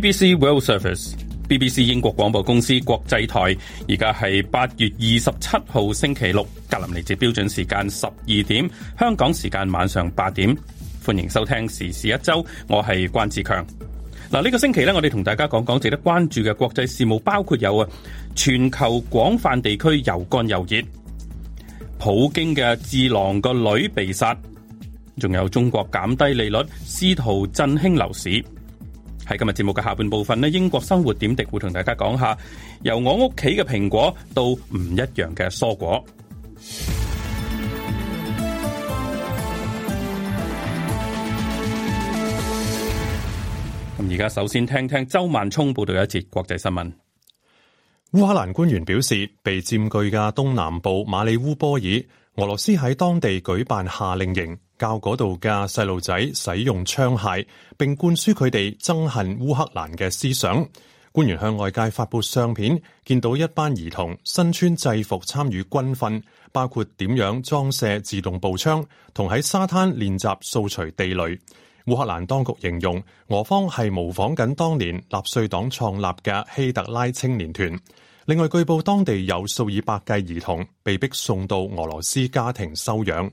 BBC World Service，BBC 英國廣播公司國際台，而家係八月二十七號星期六，格林尼治標準時間十二點，香港時間晚上八點，歡迎收聽時事一周，我係關志強。嗱、啊，呢、這個星期咧，我哋同大家講講值得關注嘅國際事務，包括有啊，全球廣泛地區又乾又熱，普京嘅智囊個女被殺，仲有中國減低利率，試圖振興樓市。喺今日節目嘅下半部分呢，英國生活點滴會同大家講下，由我屋企嘅蘋果到唔一樣嘅蔬果。咁而家首先聽聽周萬聰報道一節國際新聞。烏克蘭官員表示，被佔據嘅東南部馬里烏波爾，俄羅斯喺當地舉辦夏令營。教嗰度嘅細路仔使用槍械，並灌輸佢哋憎恨烏克蘭嘅思想。官員向外界發佈相片，見到一班兒童身穿制服參與軍訓，包括點樣裝卸自動步槍，同喺沙灘練習掃除地雷。烏克蘭當局形容俄方係模仿緊當年納粹黨創立嘅希特拉青年團。另外，據報當地有數以百計兒童被逼送到俄羅斯家庭收養。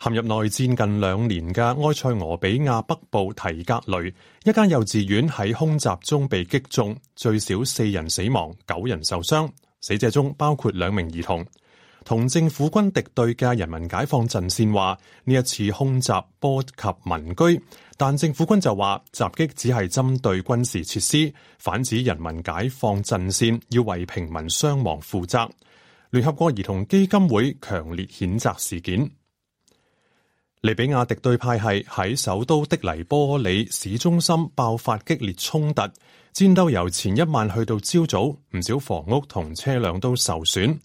陷入內戰近兩年嘅埃塞俄比亞北部提格雷，一間幼稚園喺空襲中被擊中，最少四人死亡，九人受傷，死者中包括兩名兒童。同政府軍敵對嘅人民解放陣線話呢一次空襲波及民居，但政府軍就話襲擊只係針對軍事設施，反指人民解放陣線要為平民傷亡負責。聯合國兒童基金會強烈譴責事件。利比亞敵對派係喺首都的黎波里市中心爆發激烈衝突，戰鬥由前一晚去到朝早，唔少房屋同車輛都受損。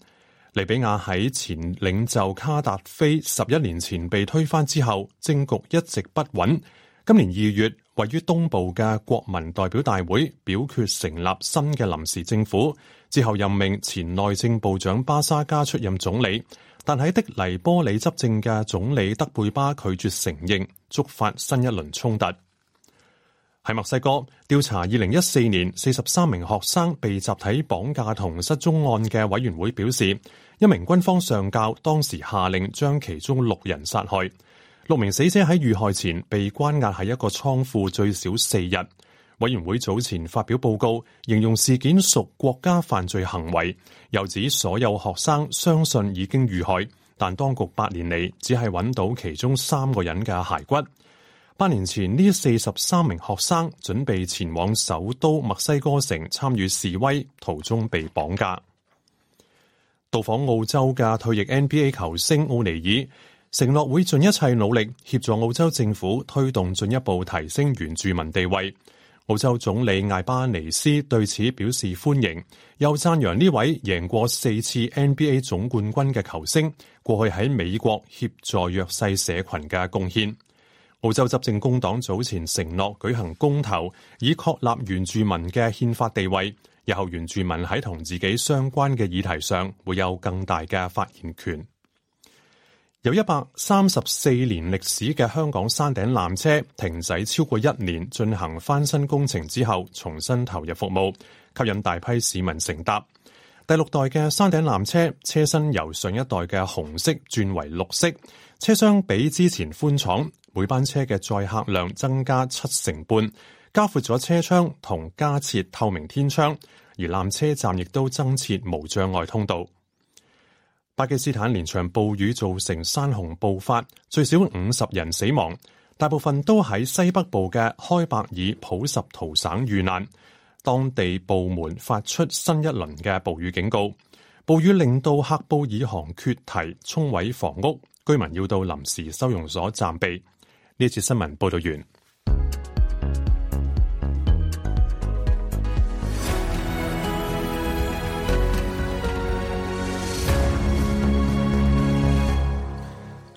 利比亞喺前領袖卡達菲十一年前被推翻之後，政局一直不穩。今年二月，位於東部嘅國民代表大會表決成立新嘅臨時政府，之後任命前內政部長巴沙加出任總理。但喺的黎波里執政嘅總理德貝巴拒絕承認，觸發新一輪衝突。喺墨西哥調查二零一四年四十三名學生被集體綁架同失蹤案嘅委員會表示，一名軍方上校當時下令將其中六人殺害。六名死者喺遇害前被關押喺一個倉庫最少四日。委員會早前發表報告，形容事件屬國家犯罪行為。又指所有學生相信已經遇害，但當局八年嚟只係揾到其中三個人嘅骸骨。八年前，呢四十三名學生準備前往首都墨西哥城參與示威，途中被綁架。到訪澳洲嘅退役 NBA 球星奧尼爾，承諾會盡一切努力協助澳洲政府推動進一步提升原住民地位。澳洲總理艾巴尼斯對此表示歡迎，又讚揚呢位贏過四次 NBA 總冠軍嘅球星過去喺美國協助弱勢社群嘅貢獻。澳洲執政工黨早前承諾舉行公投，以確立原住民嘅憲法地位，日後原住民喺同自己相關嘅議題上會有更大嘅發言權。有一百三十四年歷史嘅香港山頂纜車停駛超過一年，進行翻新工程之後，重新投入服務，吸引大批市民乘搭。第六代嘅山頂纜車，車身由上一代嘅紅色轉為綠色，車廂比之前寬敞，每班車嘅載客量增加七成半，加闊咗車窗同加設透明天窗，而纜車站亦都增設無障礙通道。巴基斯坦連場暴雨造成山洪暴發，最少五十人死亡，大部分都喺西北部嘅開伯爾普什圖省遇難。當地部門發出新一輪嘅暴雨警告，暴雨令到克布爾航決堤，沖毀房屋，居民要到臨時收容所暫避。呢次新聞報道完。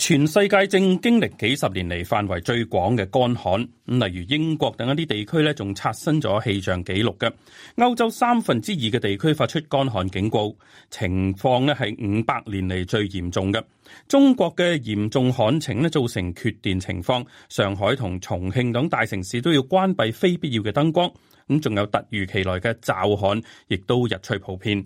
全世界正經歷幾十年嚟範圍最廣嘅乾旱，例如英國等一啲地區咧，仲刷新咗氣象紀錄嘅。歐洲三分之二嘅地區發出乾旱警告，情況咧係五百年嚟最嚴重嘅。中國嘅嚴重旱情咧造成缺電情況，上海同重慶等大城市都要關閉非必要嘅燈光。咁仲有突如其來嘅驟旱，亦都日趨普遍。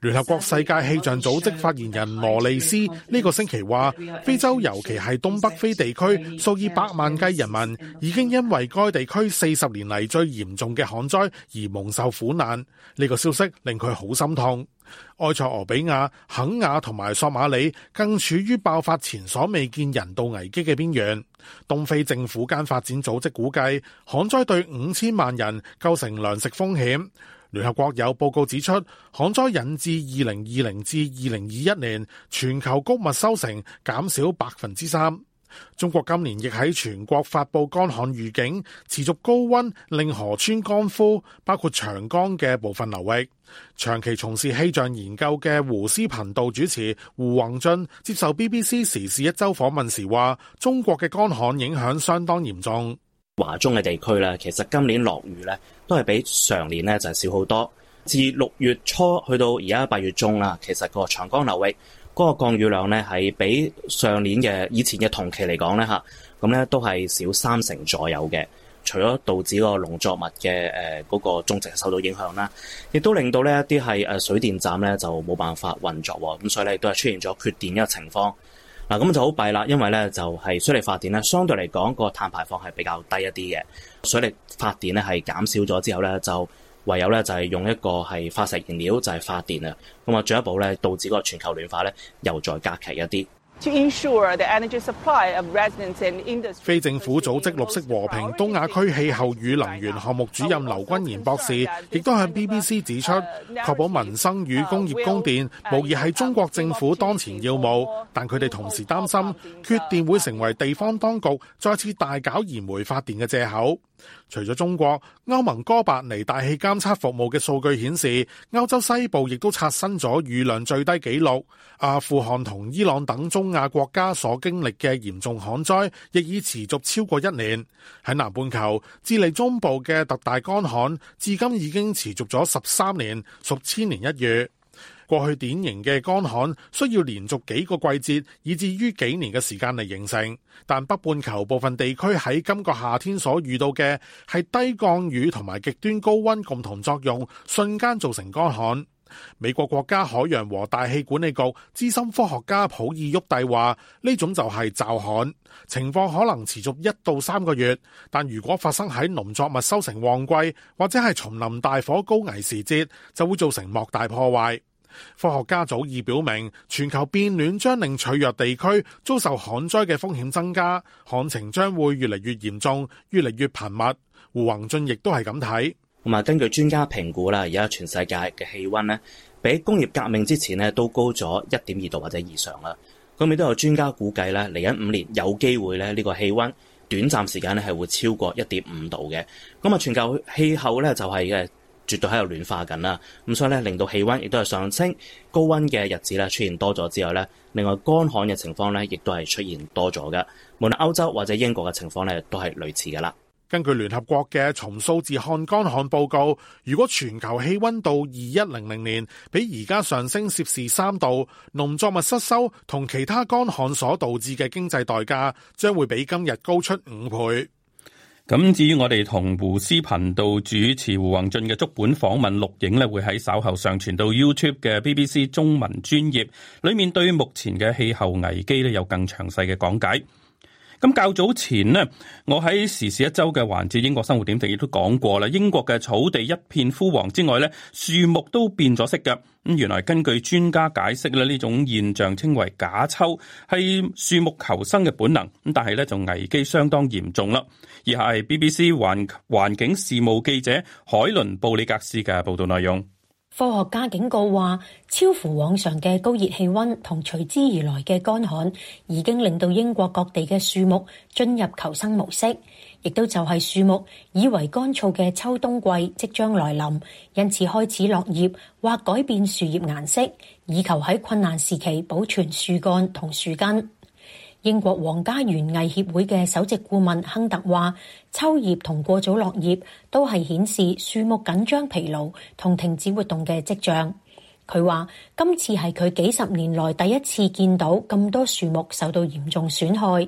聯合國世界氣象組織發言人羅利斯呢個星期話，非洲尤其係東北非地區，數以百萬計人民已經因為該地區四十年嚟最嚴重嘅旱災而蒙受苦難。呢個消息令佢好心痛。埃塞俄比亞、肯亞同埋索馬里更處於爆發前所未見人道危機嘅邊緣。東非政府間發展組織估計，旱災對五千萬人構成糧食風險。聯合國有報告指出，旱災引致2020至2021年全球谷物收成減少百分之三。中國今年亦喺全國發布乾旱預警，持續高温令河川乾枯，包括長江嘅部分流域。長期從事氣象研究嘅胡思頻道主持胡宏俊接受 BBC 時事一周訪問時話，中國嘅乾旱影響相當嚴重。華中嘅地區咧，其實今年落雨咧都係比上年咧就係、是、少好多。自六月初去到而家八月中啦，其實個長江流域嗰，個降雨量咧係比上年嘅以前嘅同期嚟講咧吓，咁咧都係少三成左右嘅。除咗導致個農作物嘅誒，嗰個種植受到影響啦，亦都令到呢一啲係誒水電站咧就冇辦法運作，咁所以咧亦都係出現咗缺電個情況。咁就好弊啦，因為呢就係水力發電呢，相對嚟講個碳排放係比較低一啲嘅。水力發電呢係減少咗之後呢，就唯有呢就係用一個係化石燃料就係發電啊。咁啊，進一步呢，導致個全球暖化呢，又再加劇一啲。非政府組織綠色和平東亞區氣候與能源項目主任劉君賢博士亦都向 BBC 指出，確保民生與工業供電無疑係中國政府當前要務，但佢哋同時擔心缺電會成為地方當局再次大搞燃煤發電嘅借口。除咗中國，歐盟哥白尼大氣監測服務嘅數據顯示，歐洲西部亦都刷新咗雨量最低紀錄。阿富汗同伊朗等中亞國家所經歷嘅嚴重旱災，亦已持續超過一年。喺南半球，智利中部嘅特大乾旱，至今已經持續咗十三年，屬千年一遇。過去典型嘅乾旱需要連續幾個季節，以至於幾年嘅時間嚟形成。但北半球部分地區喺今個夏天所遇到嘅係低降雨同埋極端高温共同作用，瞬間造成乾旱。美國國家海洋和大氣管理局資深科學家普爾沃蒂話：呢種就係驟旱，情況可能持續一到三個月。但如果發生喺農作物收成旺季或者係叢林大火高危時節，就會造成莫大破壞。科學家早已表明，全球變暖將令脆弱地區遭受旱災嘅風險增加，旱情將會越嚟越嚴重，越嚟越頻密。胡宏俊亦都係咁睇，同埋根據專家評估啦，而家全世界嘅氣溫比工業革命之前都高咗一點二度或者以上啦。咁亦都有專家估計咧，嚟緊五年有機會咧呢個氣溫短暫時間咧係會超過一點五度嘅。咁啊，全球氣候咧就係嘅。絕對喺度暖化緊啦，咁所以咧令到氣温亦都係上升，高温嘅日子咧出現多咗之外咧，另外乾旱嘅情況咧亦都係出現多咗嘅。無論歐洲或者英國嘅情況咧都係類似噶啦。根據聯合國嘅從數字看乾旱報告，如果全球氣溫到二一零零年比而家上升攝氏三度，農作物失收同其他乾旱所導致嘅經濟代價，將會比今日高出五倍。咁至於我哋同胡思頻道主持胡宏俊嘅足本訪問錄影會喺稍後上傳到 YouTube 嘅 BBC 中文專頁裏面，對目前嘅氣候危機有更詳細嘅講解。咁較早前呢，我喺時事一周嘅環節《英國生活點滴》亦都講過啦。英國嘅草地一片枯黃之外咧，樹木都變咗色嘅。咁原來根據專家解釋咧，呢種現象稱為假秋，係樹木求生嘅本能。咁但係咧，就危機相當嚴重啦。以下係 BBC 環環境事務記者海倫布里格斯嘅報道內容。科學家警告話，超乎往常嘅高熱氣温同隨之而來嘅乾旱，已經令到英國各地嘅樹木進入求生模式，亦都就係樹木以為乾燥嘅秋冬季即將來臨，因此開始落葉，或改變樹葉顏色，以求喺困難時期保存樹幹同樹根。英國皇家園藝協會嘅首席顧問亨特話，秋葉同過早落葉都係顯示樹木緊張、疲勞同停止活動嘅跡象。佢話今次係佢幾十年來第一次見到咁多樹木受到嚴重損害。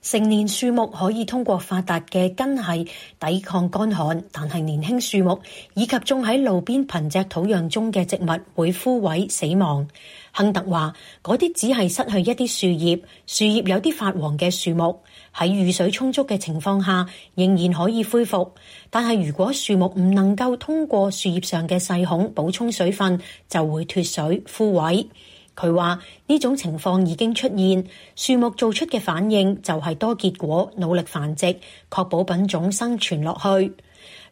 成年樹木可以通過發達嘅根系抵抗乾旱，但係年輕樹木以及種喺路邊貧瘠土壤中嘅植物會枯萎死亡。亨特話：嗰啲只係失去一啲樹葉，樹葉有啲發黃嘅樹木，喺雨水充足嘅情況下，仍然可以恢復。但係如果樹木唔能夠通過樹葉上嘅細孔補充水分，就會脫水枯萎。佢話呢種情況已經出現，樹木做出嘅反應就係多結果，努力繁殖，確保品種生存落去。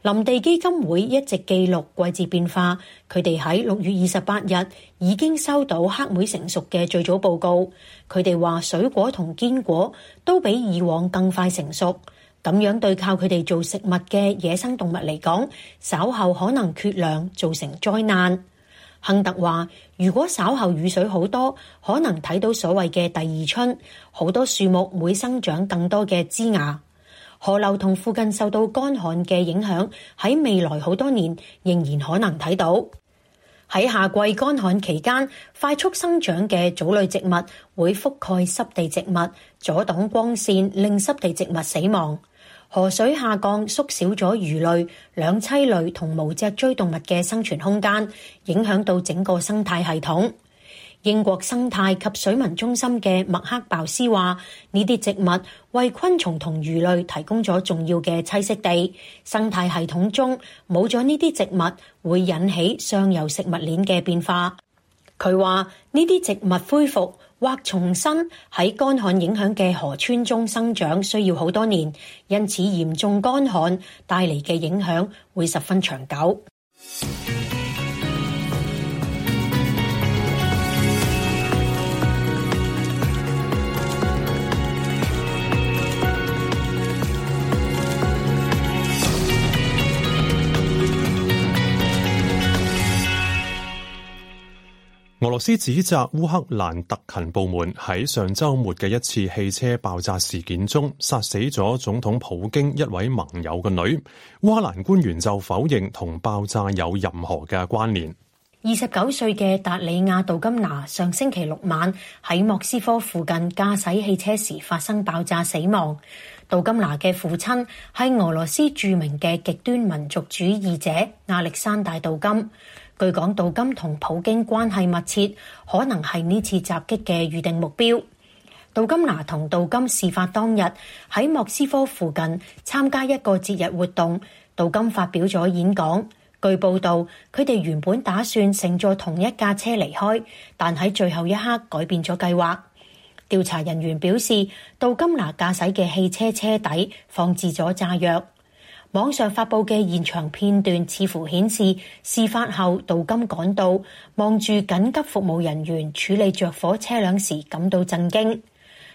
林地基金會一直記錄季節變化，佢哋喺六月二十八日已經收到黑莓成熟嘅最早報告。佢哋話水果同堅果都比以往更快成熟，咁樣對靠佢哋做食物嘅野生動物嚟講，稍後可能缺糧，造成災難。亨特話：如果稍後雨水好多，可能睇到所謂嘅第二春，好多樹木會生長更多嘅枝芽。河流同附近受到乾旱嘅影響，喺未來好多年仍然可能睇到。喺夏季乾旱期間，快速生長嘅藻類植物會覆蓋濕地植物，阻擋光線，令濕地植物死亡。河水下降，縮小咗魚類、兩棲類同無脊椎動物嘅生存空間，影響到整個生態系統。英國生態及水文中心嘅麥克鮑斯話：呢啲植物為昆蟲同魚類提供咗重要嘅棲息地，生態系統中冇咗呢啲植物會引起上游食物鏈嘅變化。佢話呢啲植物恢復或重新喺乾旱影響嘅河川中生長需要好多年，因此嚴重乾旱帶嚟嘅影響會十分長久。俄羅斯指責烏克蘭特勤部門喺上周末嘅一次汽車爆炸事件中，殺死咗總統普京一位盟友嘅女。烏克蘭官員就否認同爆炸有任何嘅關聯。二十九歲嘅達里亞·杜金娜上星期六晚喺莫斯科附近駕駛汽車時發生爆炸死亡。杜金娜嘅父親係俄羅斯著名嘅極端民族主義者亞歷山大·杜金。據講，杜金同普京關係密切，可能係呢次襲擊嘅預定目標。杜金娜同杜金事發當日喺莫斯科附近參加一個節日活動，杜金發表咗演講。據報道，佢哋原本打算乘坐同一架車離開，但喺最後一刻改變咗計劃。調查人員表示，杜金娜駕駛嘅汽車車底放置咗炸藥。網上發布嘅現場片段似乎顯示，示，示，事發後杜金趕到，望住緊急服務人員處理着火車輛時感到震驚。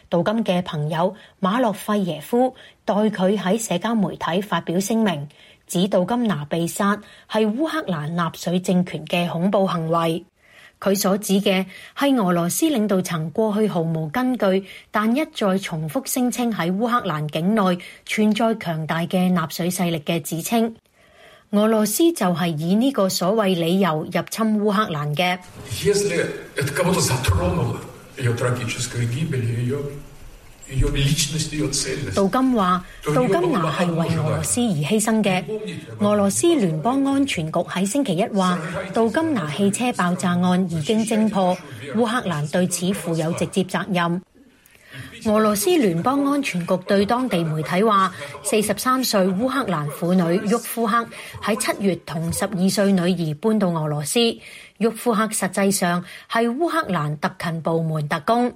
杜金嘅朋友馬洛費耶夫代佢喺社交媒體發表聲明，指杜金娜被殺係烏克蘭納粹政權嘅恐怖行為。佢所指嘅係俄羅斯領導層過去毫無根據，但一再重複聲稱喺烏克蘭境內存在強大嘅納粹勢力嘅指稱，俄羅斯就係以呢個所謂理由入侵烏克蘭嘅。杜金話：杜金娜係為俄羅斯而犧牲嘅。俄羅斯聯邦安全局喺星期一話，杜金娜汽車爆炸案已經偵破，烏克蘭對此負有直接責任。俄羅斯聯邦安全局對當地媒體話：四十三歲烏克蘭婦女沃夫克喺七月同十二歲女兒搬到俄羅斯。沃夫克實際上係烏克蘭特勤部門特工。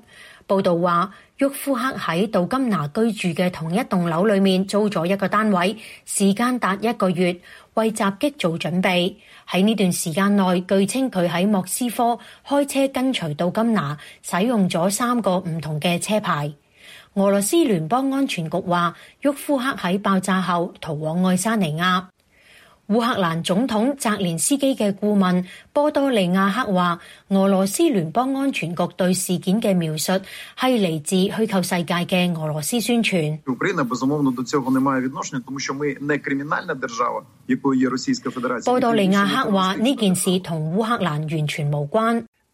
報道話。沃夫克喺杜金娜居住嘅同一棟樓裏面租咗一個單位，時間達一個月，為襲擊做準備。喺呢段時間內，據稱佢喺莫斯科開車跟隨杜金娜，使用咗三個唔同嘅車牌。俄羅斯聯邦安全局話，沃夫克喺爆炸後逃往愛沙尼亞。烏克蘭總統澤連斯基嘅顧問波多利亞克話：俄羅斯聯邦安全局對事件嘅描述係嚟自虛構世界嘅俄羅斯宣傳。波多利亞克話：呢件事同烏克蘭完全無關。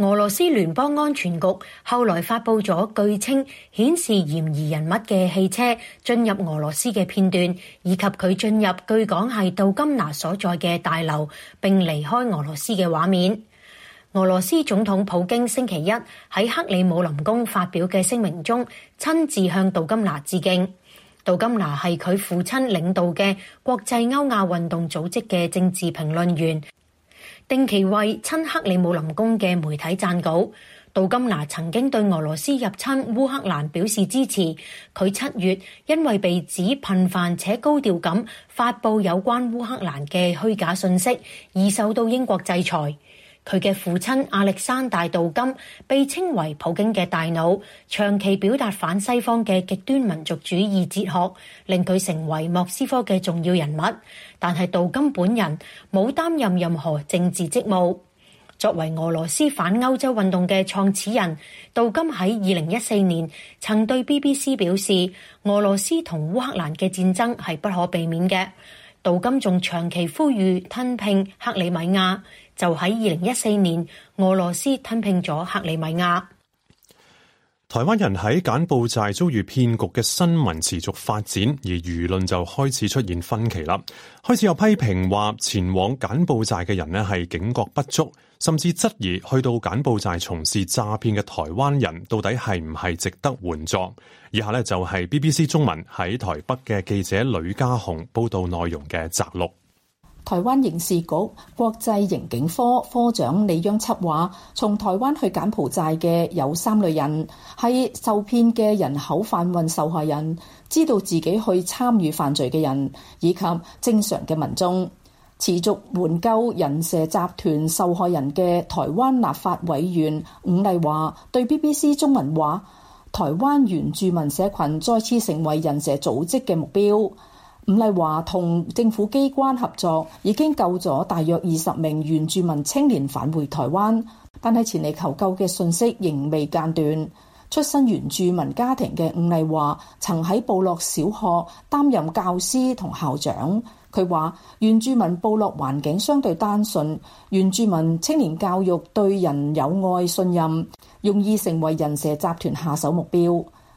俄羅斯聯邦安全局後來發佈咗據稱顯示嫌疑人物嘅汽車進入俄羅斯嘅片段，以及佢進入據講係杜金娜所在嘅大樓並離開俄羅斯嘅畫面。俄羅斯總統普京星期一喺克里姆林宮發表嘅聲明中，親自向杜金娜致敬。杜金娜係佢父親領導嘅國際歐亞運動組織嘅政治評論員。定期為親克里姆林宮嘅媒體撰稿，杜金娜曾經對俄羅斯入侵烏克蘭表示支持。佢七月因為被指頻繁且高調咁發布有關烏克蘭嘅虛假信息，而受到英國制裁。佢嘅父親阿力山大杜金被稱為普京嘅大腦，長期表達反西方嘅極端民族主義哲學，令佢成為莫斯科嘅重要人物。但係杜金本人冇擔任任何政治職務。作為俄羅斯反歐洲運動嘅創始人，杜金喺二零一四年曾對 BBC 表示，俄羅斯同烏克蘭嘅戰爭係不可避免嘅。杜金仲長期呼籲吞併克里米亞。就喺二零一四年，俄羅斯吞併咗克里米亞。台灣人喺柬埔寨遭遇騙局嘅新聞持續發展，而輿論就開始出現分歧啦。開始有批評話，前往柬埔寨嘅人呢係警覺不足，甚至質疑去到柬埔寨從事詐騙嘅台灣人到底係唔係值得援助。以下呢，就係 BBC 中文喺台北嘅記者呂家雄報道內容嘅摘錄。台灣刑事局國際刑警科科長李央七話：從台灣去柬埔寨嘅有三類人，係受騙嘅人口販運受害人，知道自己去參與犯罪嘅人，以及正常嘅民眾。持續援救人蛇集團受害人嘅台灣立法委員伍麗華對 BBC 中文話，台灣原住民社群再次成為人蛇組織嘅目標。伍麗華同政府機關合作，已經救咗大約二十名原住民青年返回台灣，但係前嚟求救嘅信息仍未間斷。出身原住民家庭嘅伍麗華，曾喺部落小學擔任教師同校長。佢話原住民部落環境相對單純，原住民青年教育對人有愛信任，容易成為人蛇集團下手目標。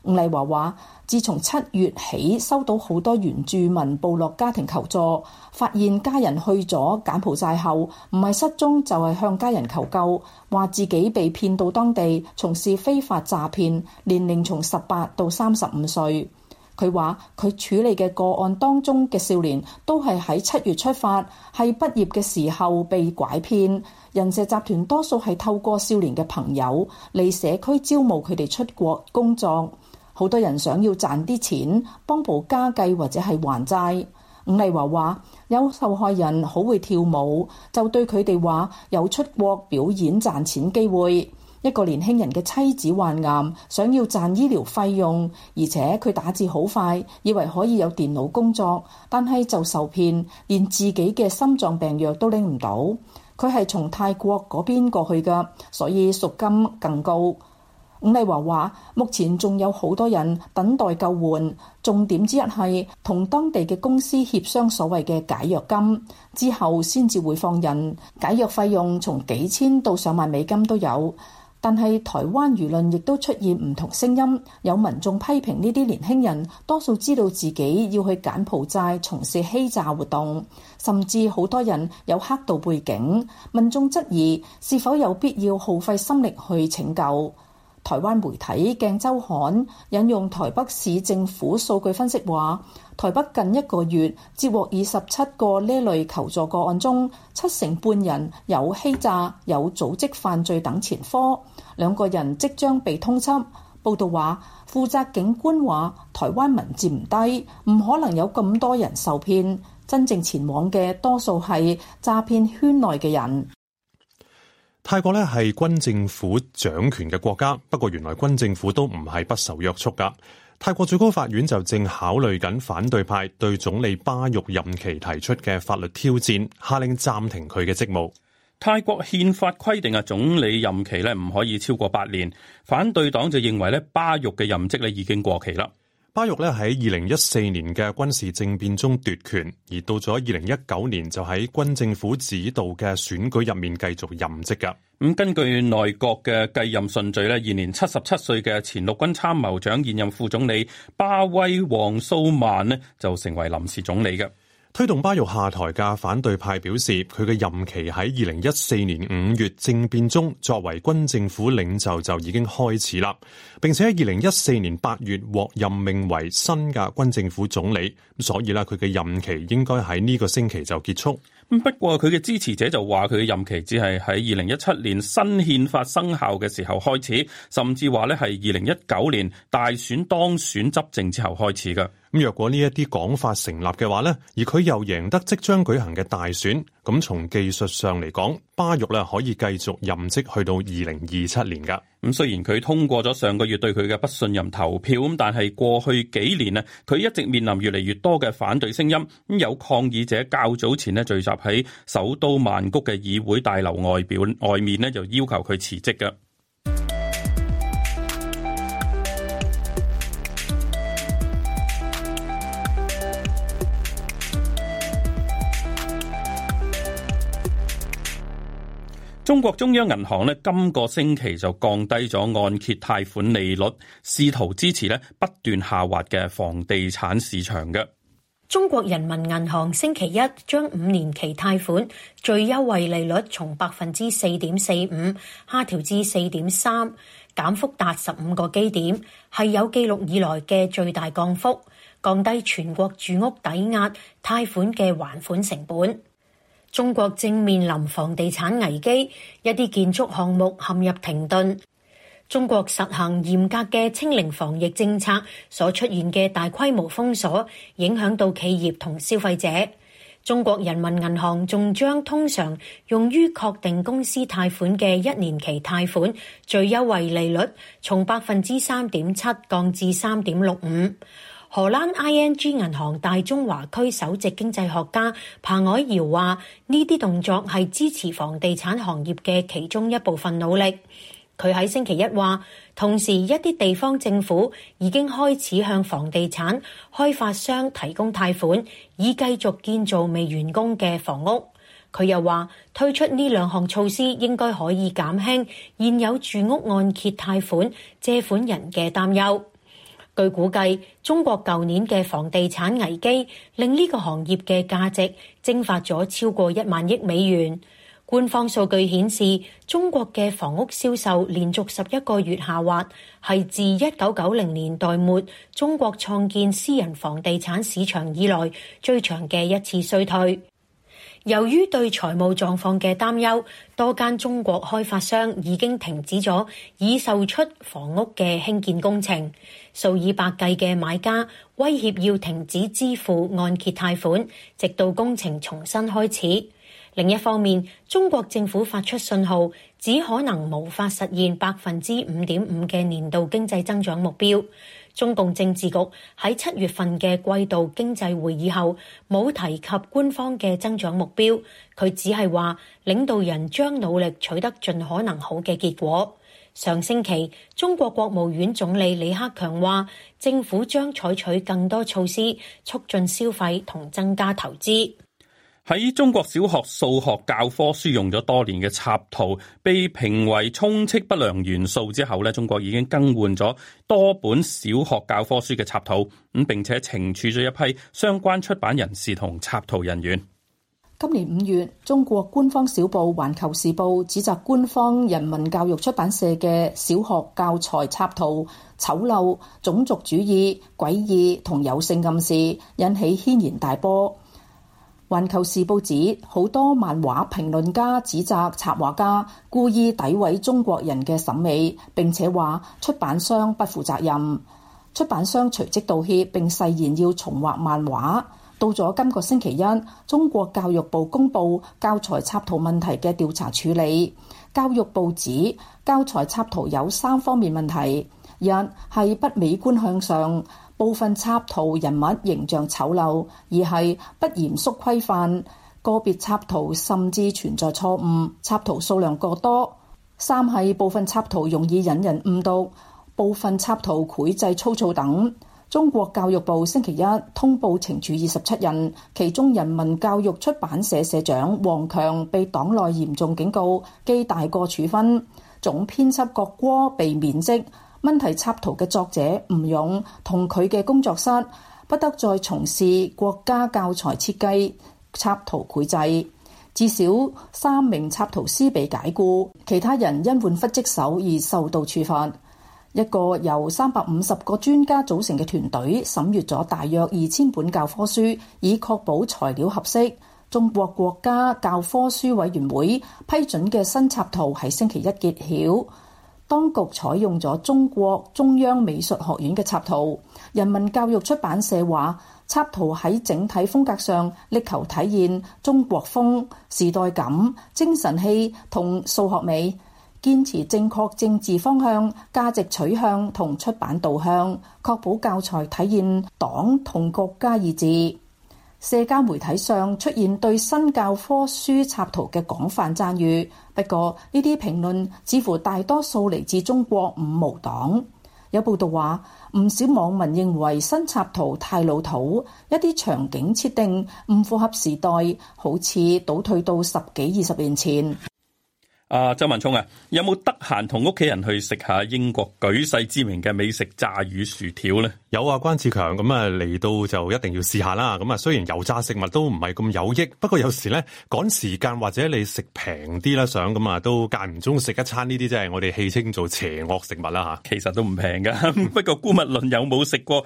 伍麗華話。自從七月起，收到好多原住民部落家庭求助，發現家人去咗柬埔寨後，唔係失蹤就係向家人求救，話自己被騙到當地從事非法詐騙，年齡從十八到三十五歲。佢話佢處理嘅個案當中嘅少年，都係喺七月出發，係畢業嘅時候被拐騙。人蛇集團多數係透過少年嘅朋友嚟社區招募佢哋出國工作。好多人想要賺啲錢，幫補家計或者係還債。伍麗華話：有受害人好會跳舞，就對佢哋話有出國表演賺錢機會。一個年輕人嘅妻子患癌，想要賺醫療費用，而且佢打字好快，以為可以有電腦工作，但係就受騙，連自己嘅心臟病藥都拎唔到。佢係從泰國嗰邊過去嘅，所以贖金更高。伍麗華話：目前仲有好多人等待救援，重點之一係同當地嘅公司協商所謂嘅解約金之後，先至會放人。解約費用從幾千到上萬美金都有。但係台灣輿論亦都出現唔同聲音，有民眾批評呢啲年輕人多數知道自己要去柬埔寨從事欺詐活動，甚至好多人有黑道背景。民眾質疑是否有必要耗費心力去拯救。台灣媒體鏡週刊引用台北市政府數據分析話，台北近一個月接獲二十七個呢類求助個案中，七成半人有欺詐、有組織犯罪等前科，兩個人即將被通緝。報導話，負責警官話：台灣民智唔低，唔可能有咁多人受騙，真正前往嘅多數係詐騙圈內嘅人。泰國咧係軍政府掌權嘅國家，不過原來軍政府都唔係不受約束噶。泰國最高法院就正考慮緊反對派對總理巴育任期提出嘅法律挑戰，下令暫停佢嘅職務。泰國憲法規定啊，總理任期咧唔可以超過八年，反對黨就認為咧巴育嘅任職咧已經過期啦。巴育咧喺二零一四年嘅軍事政變中奪權，而到咗二零一九年就喺軍政府指導嘅選舉入面繼續任職噶。咁根據內閣嘅繼任順序咧，現年七十七歲嘅前陸軍參謀長、現任副總理巴威旺蘇曼咧就成為臨時總理嘅。推動巴育下台嘅反對派表示，佢嘅任期喺二零一四年五月政變中作為軍政府領袖就已經開始啦，並且喺二零一四年八月獲任命為新嘅軍政府總理，所以呢，佢嘅任期應該喺呢個星期就結束。不過佢嘅支持者就話佢嘅任期只係喺二零一七年新憲法生效嘅時候開始，甚至話咧係二零一九年大選當選執政之後開始㗎。咁若果呢一啲講法成立嘅話呢，而佢又贏得即將舉行嘅大選，咁從技術上嚟講，巴育咧可以繼續任職去到二零二七年噶。咁雖然佢通過咗上個月對佢嘅不信任投票，咁但係過去幾年咧，佢一直面臨越嚟越多嘅反對聲音。咁有抗議者較早前咧聚集喺首都曼谷嘅議會大樓外邊外面咧，就要求佢辭職㗎。中國中央銀行咧今個星期就降低咗按揭貸款利率，試圖支持咧不斷下滑嘅房地產市場嘅。中國人民銀行星期一將五年期貸款最優惠利率從百分之四點四五下調至四點三，減幅達十五個基點，係有記錄以來嘅最大降幅，降低全國住屋抵押貸款嘅還款成本。中國正面臨房地產危機，一啲建築項目陷入停頓。中國實行嚴格嘅清零防疫政策，所出現嘅大規模封鎖影響到企業同消費者。中國人民銀行仲將通常用於確定公司貸款嘅一年期貸款最優惠利率從百分之三點七降至三點六五。荷蘭 ING 銀行大中華區首席經濟學家彭凱堯話：呢啲動作係支持房地產行業嘅其中一部分努力。佢喺星期一話，同時一啲地方政府已經開始向房地產開發商提供貸款，以繼續建造未完工嘅房屋。佢又話，推出呢兩項措施應該可以減輕現有住屋按揭貸款借款人嘅擔憂。據估計，中國舊年嘅房地產危機令呢個行業嘅價值蒸發咗超過一萬億美元。官方數據顯示，中國嘅房屋銷售連續十一個月下滑，係自一九九零年代末中國創建私人房地產市場以來最長嘅一次衰退。由於對財務狀況嘅擔憂，多間中國開發商已經停止咗已售出房屋嘅興建工程，數以百計嘅買家威脅要停止支付按揭貸款，直到工程重新開始。另一方面，中國政府發出信號，只可能無法實現百分之五點五嘅年度經濟增長目標。中共政治局喺七月份嘅季度經濟會議後冇提及官方嘅增長目標，佢只係話領導人將努力取得盡可能好嘅結果。上星期，中國國務院總理李克強話，政府將採取更多措施促進消費同增加投資。喺中國小學數學教科書用咗多年嘅插圖，被評為充斥不良元素之後呢，中國已經更換咗多本小學教科書嘅插圖，咁並且懲處咗一批相關出版人士同插圖人員。今年五月，中國官方小報《環球時報》指責官方人民教育出版社嘅小學教材插圖醜陋、種族主義、詭異同有性暗示，引起軒然大波。環球時報指，好多漫畫評論家指責插畫家故意詆毀中國人嘅審美，並且話出版商不負責任。出版商隨即道歉，並誓言要重畫漫畫。到咗今個星期一，中國教育部公布教材插圖問題嘅調查處理。教育部指教材插圖有三方面問題：一係不美觀向上。部分插圖人物形象醜陋，二係不嚴肅規範，個別插圖甚至存在錯誤，插圖數量過多。三係部分插圖容易引人誤導，部分插圖繪製粗糙等。中國教育部星期一通報懲處二十七人，其中人民教育出版社社長王強被黨內嚴重警告，記大過處分，總編輯郭戈被免職。問題插圖嘅作者吳勇同佢嘅工作室不得再從事國家教材設計插圖繪製，至少三名插圖師被解雇，其他人因玩忽職守而受到處罰。一個由三百五十個專家組成嘅團隊審閱咗大約二千本教科書，以確保材料合適。中國國家教科書委員會批准嘅新插圖喺星期一揭曉。當局採用咗中國中央美術學院嘅插圖，人民教育出版社話插圖喺整體風格上力求體現中國風、時代感、精神氣同數學美，堅持正確政治方向、價值取向同出版導向，確保教材體現黨同國家意志。社交媒體上出現對新教科書插圖嘅廣泛讚譽。不過呢啲評論，似乎大多數嚟自中國五毛黨。有報道話，唔少網民認為新插圖太老土，一啲場景設定唔符合時代，好似倒退到十幾二十年前。阿、啊、周文聰啊，有冇得閒同屋企人去食下英國舉世知名嘅美食炸魚薯條咧？有啊，關志強咁啊，嚟到就一定要試下啦。咁啊，雖然油炸食物都唔係咁有益，不過有時咧趕時間或者你食平啲啦，想咁啊都間唔中食一餐呢啲，真係我哋戲稱做邪惡食物啦吓。其實都唔平噶。 不過姑勿論有冇食過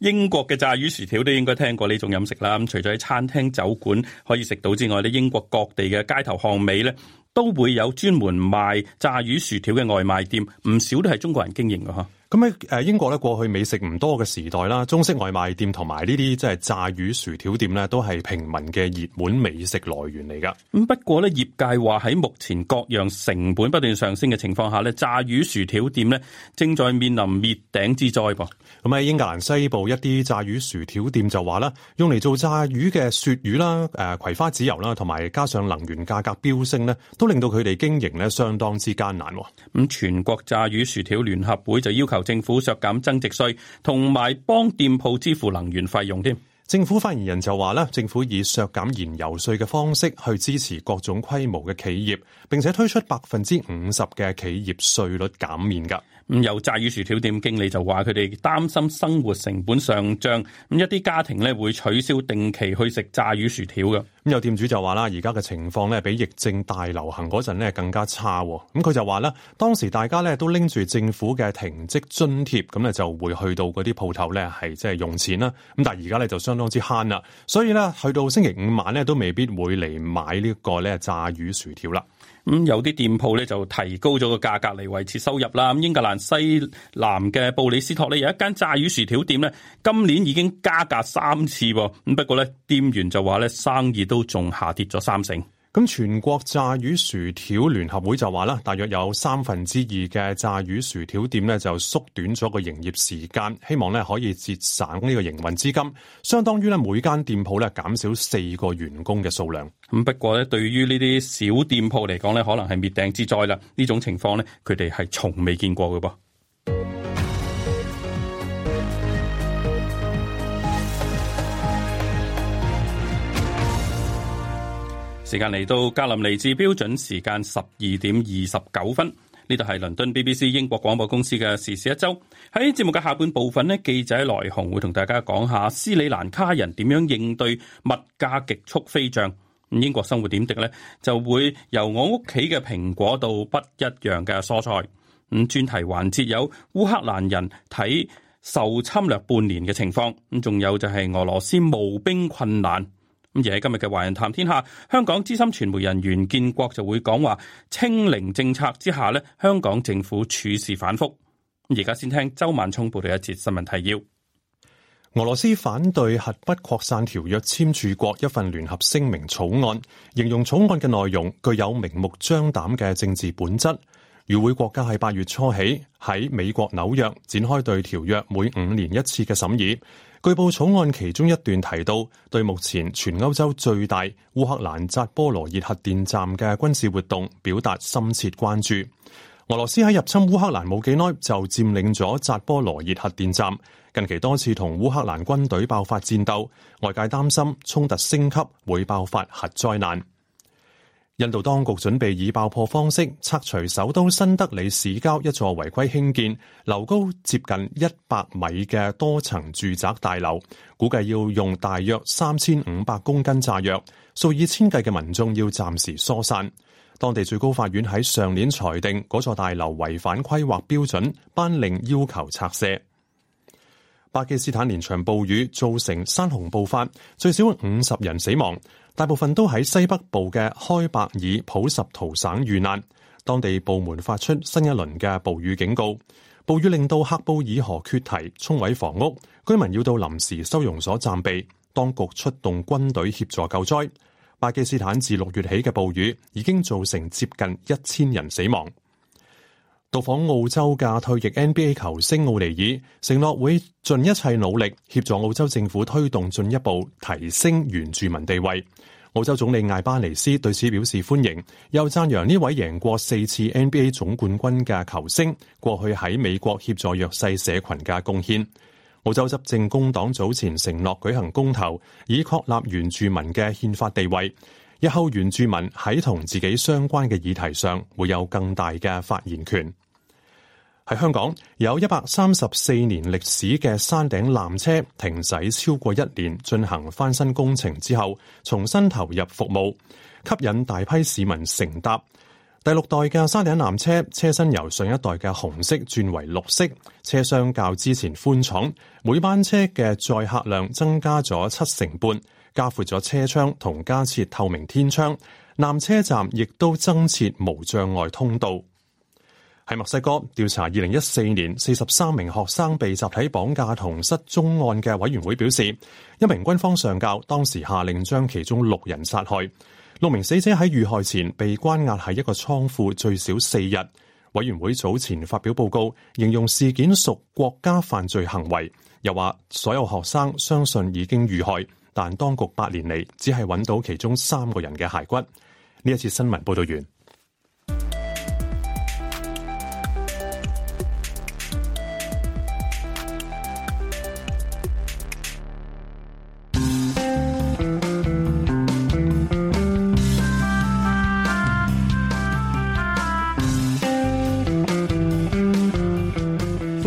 英國嘅炸魚薯條，都應該聽過呢種飲食啦。咁除咗喺餐廳酒館可以食到之外，咧英國各地嘅街頭巷尾咧。都會有專門賣炸魚薯條嘅外賣店，唔少都係中國人經營嘅呵。咁喺英國咧，過去美食唔多嘅時代啦，中式外賣店同埋呢啲即係炸魚薯條店呢，都係平民嘅熱門美食來源嚟噶。咁不過呢，業界話喺目前各樣成本不斷上升嘅情況下呢，炸魚薯條店呢正在面臨滅頂之災噃。咁喺英格蘭西部一啲炸魚薯條店就話啦，用嚟做炸魚嘅鱈魚啦、誒葵花籽油啦，同埋加上能源價格飆升呢，都令到佢哋經營呢相當之艱難。咁全國炸魚薯條聯合會就要求政府削減增值稅，同埋幫店鋪支付能源費用。添政府發言人就話啦，政府以削減燃油稅嘅方式去支持各種規模嘅企業，並且推出百分之五十嘅企業稅率減免噶。咁有炸魚薯條店經理就話佢哋擔心生活成本上漲，咁一啲家庭咧會取消定期去食炸魚薯條嘅。咁有店主就話啦，而家嘅情況咧比疫症大流行嗰陣咧更加差。咁佢就話咧，當時大家咧都拎住政府嘅停職津貼，咁咧就會去到嗰啲鋪頭咧係即係用錢啦。咁但係而家咧就相當之慳啦，所以咧去到星期五晚咧都未必會嚟買呢個咧炸魚薯條啦。咁有啲店鋪咧就提高咗個價格嚟維持收入啦。咁英格蘭西南嘅布里斯托咧有一間炸魚薯條店咧，今年已經加價三次喎。咁不過咧，店員就話咧，生意都仲下跌咗三成。咁全國炸魚薯條聯合會就話啦，大約有三分之二嘅炸魚薯條店咧就縮短咗個營業時間，希望咧可以節省呢個營運資金，相當於咧每間店鋪咧減少四個員工嘅數量。咁不過咧，對於呢啲小店鋪嚟講咧，可能係滅頂之災啦。呢種情況咧，佢哋係從未見過嘅噃。時間嚟到格林尼治標準時間十二點二十九分，呢度係倫敦 BBC 英國廣播公司嘅時事一周。喺節目嘅下半部分呢，記者來鴻會同大家講下斯里蘭卡人點樣應對物價極速飛漲。英國生活點滴呢，就會由我屋企嘅蘋果到不一樣嘅蔬菜。咁專題環節有烏克蘭人睇受侵略半年嘅情況，咁仲有就係俄羅斯募兵困難。而喺今日嘅《華人談天下》，香港資深傳媒人袁建國就會講話，清零政策之下香港政府處事反覆而家先聽周萬聰報道一節新聞提要。俄羅斯反對核不擴散條約簽署國一份聯合聲明草案，形容草案嘅內容具有明目張膽嘅政治本質。與會國家喺八月初起喺美國紐約展開對條約每五年一次嘅審議。據報草案其中一段提到，對目前全歐洲最大烏克蘭扎波羅熱核電站嘅軍事活動表達深切關注。俄羅斯喺入侵烏克蘭冇幾耐就佔領咗扎波羅熱核電站，近期多次同烏克蘭軍隊爆發戰鬥，外界擔心衝突升級會爆發核災難。印度當局準備以爆破方式拆除首都新德里市郊一座違規興建、樓高接近一百米嘅多層住宅大樓，估計要用大約三千五百公斤炸藥，數以千計嘅民眾要暫時疏散。當地最高法院喺上年裁定嗰座大樓違反規劃標準，頒令要求拆卸。巴基斯坦連場暴雨造成山洪暴發，最少五十人死亡。大部分都喺西北部嘅開伯爾普什圖省遇難，當地部門發出新一輪嘅暴雨警告。暴雨令到喀布爾河決堤，沖毀房屋，居民要到臨時收容所暫避。當局出動軍隊協助救災。巴基斯坦自六月起嘅暴雨已經造成接近一千人死亡。到訪澳洲嘅退役 NBA 球星奧尼爾承諾會盡一切努力協助澳洲政府推動進一步提升原住民地位。澳洲總理艾巴尼斯對此表示歡迎，又讚揚呢位贏過四次 NBA 總冠軍嘅球星過去喺美國協助弱勢社群嘅貢獻。澳洲執政工黨早前承諾舉行公投，以確立原住民嘅憲法地位，日後原住民喺同自己相關嘅議題上會有更大嘅發言權。喺香港有一百三十四年歷史嘅山頂纜車停駛超過一年，進行翻新工程之後，重新投入服務，吸引大批市民乘搭。第六代嘅山頂纜車，車身由上一代嘅紅色轉為綠色，車廂較之前寬敞，每班車嘅載客量增加咗七成半，加闊咗車窗同加設透明天窗，纜車站亦都增設無障礙通道。喺墨西哥調查二零一四年四十三名學生被集體綁架同失蹤案嘅委員會表示，一名軍方上校當時下令將其中六人殺害。六名死者喺遇害前被關押喺一個倉庫最少四日。委員會早前發表報告，形容事件屬國家犯罪行為，又話所有學生相信已經遇害，但當局八年嚟只係揾到其中三個人嘅骸骨。呢一次新聞報道完。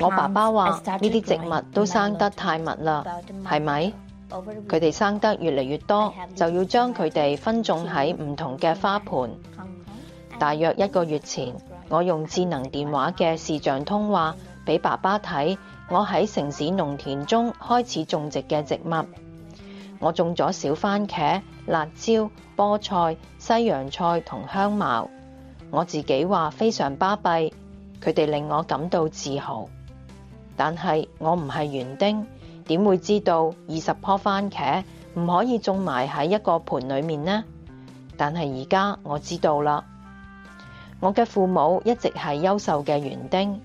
我爸爸話：呢啲植物都生得太密啦，係咪？佢哋生得越嚟越多，就要將佢哋分種喺唔同嘅花盆。大約一個月前，我用智能電話嘅視像通話俾爸爸睇，我喺城市農田中開始種植嘅植物。我種咗小番茄、辣椒、菠菜、西洋菜同香茅。我自己話非常巴閉。佢哋令我感到自豪，但係我唔係園丁，點會知道二十棵番茄唔可以種埋喺一個盆裏面呢？但係而家我知道啦。我嘅父母一直係優秀嘅園丁，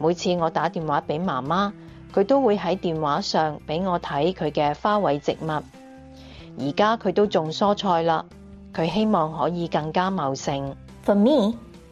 每次我打電話俾媽媽，佢都會喺電話上俾我睇佢嘅花卉植物。而家佢都種蔬菜啦，佢希望可以更加茂盛。For me.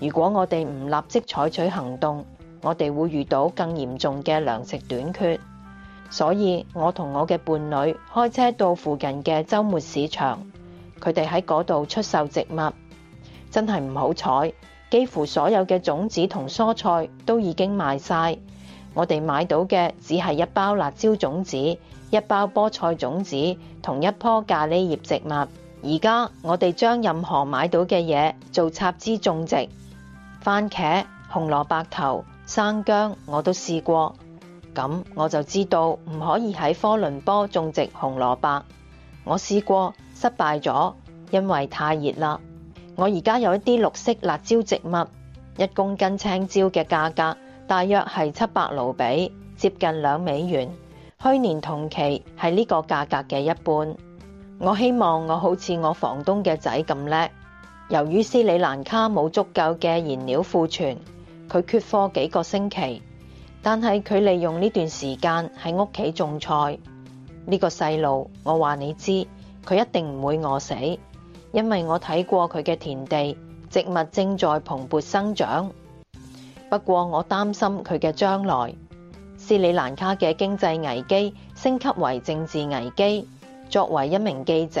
如果我哋唔立即採取行動，我哋會遇到更嚴重嘅糧食短缺。所以，我同我嘅伴侶開車到附近嘅週末市場，佢哋喺嗰度出售植物。真係唔好彩，幾乎所有嘅種子同蔬菜都已經賣晒。我哋買到嘅只係一包辣椒種子、一包菠菜種子同一棵咖喱葉植物。而家我哋將任何買到嘅嘢做插枝種植。蕃茄、紅蘿蔔頭、生薑，我都試過，咁我就知道唔可以喺科倫坡種植紅蘿蔔。我試過失敗咗，因為太熱啦。我而家有一啲綠色辣椒植物，一公斤青椒嘅價格大約係七百盧比，接近兩美元。去年同期係呢個價格嘅一半。我希望我好似我房東嘅仔咁叻。由於斯里蘭卡冇足夠嘅燃料庫存，佢缺貨幾個星期。但係佢利用呢段時間喺屋企種菜。呢個細路，我話你知，佢一定唔會餓死，因為我睇過佢嘅田地，植物正在蓬勃生長。不過我擔心佢嘅將來。斯里蘭卡嘅經濟危機升級為政治危機。作為一名記者，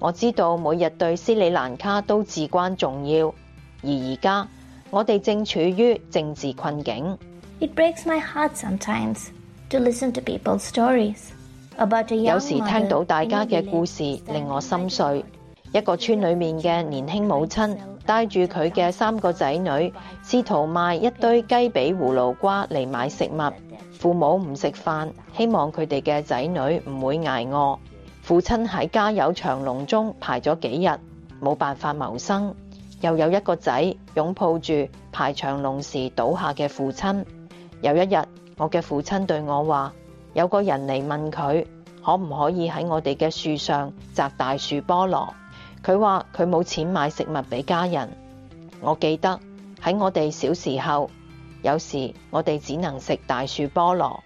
我知道每日對斯里蘭卡都至關重要，而而家我哋正處於政治困境。有時聽到大家嘅故事，令我心碎。一個村裏面嘅年輕母親帶住佢嘅三個仔女，試圖賣一堆雞髀葫蘆瓜嚟買食物。父母唔食飯，希望佢哋嘅仔女唔會捱餓。父親喺家有長龍中排咗幾日，冇辦法謀生，又有一個仔擁抱住排長龍時倒下嘅父親。有一日，我嘅父親對我話：有個人嚟問佢，可唔可以喺我哋嘅樹上摘大樹菠蘿？佢話佢冇錢買食物俾家人。我記得喺我哋小時候，有時我哋只能食大樹菠蘿。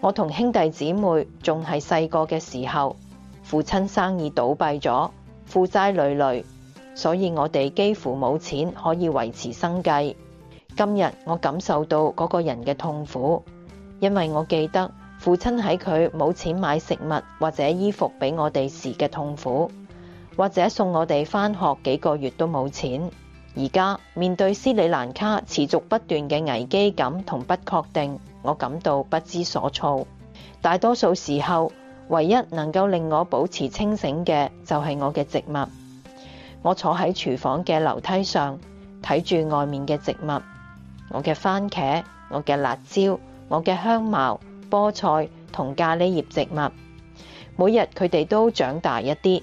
我同兄弟姊妹仲係細個嘅時候。父親生意倒閉咗，負債累累，所以我哋幾乎冇錢可以維持生計。今日我感受到嗰個人嘅痛苦，因為我記得父親喺佢冇錢買食物或者衣服俾我哋時嘅痛苦，或者送我哋返學幾個月都冇錢。而家面對斯里蘭卡持續不斷嘅危機感同不確定，我感到不知所措。大多數時候。唯一能夠令我保持清醒嘅，就係我嘅植物。我坐喺廚房嘅樓梯上，睇住外面嘅植物。我嘅番茄、我嘅辣椒、我嘅香茅、菠菜同咖喱葉植物，每日佢哋都長大一啲。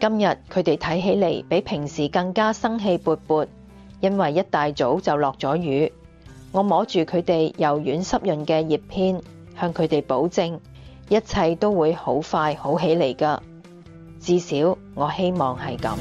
今日佢哋睇起嚟比平時更加生氣勃勃，因為一大早就落咗雨。我摸住佢哋柔軟濕潤嘅葉片，向佢哋保證。一切都會好快好起嚟噶，至少我希望係咁。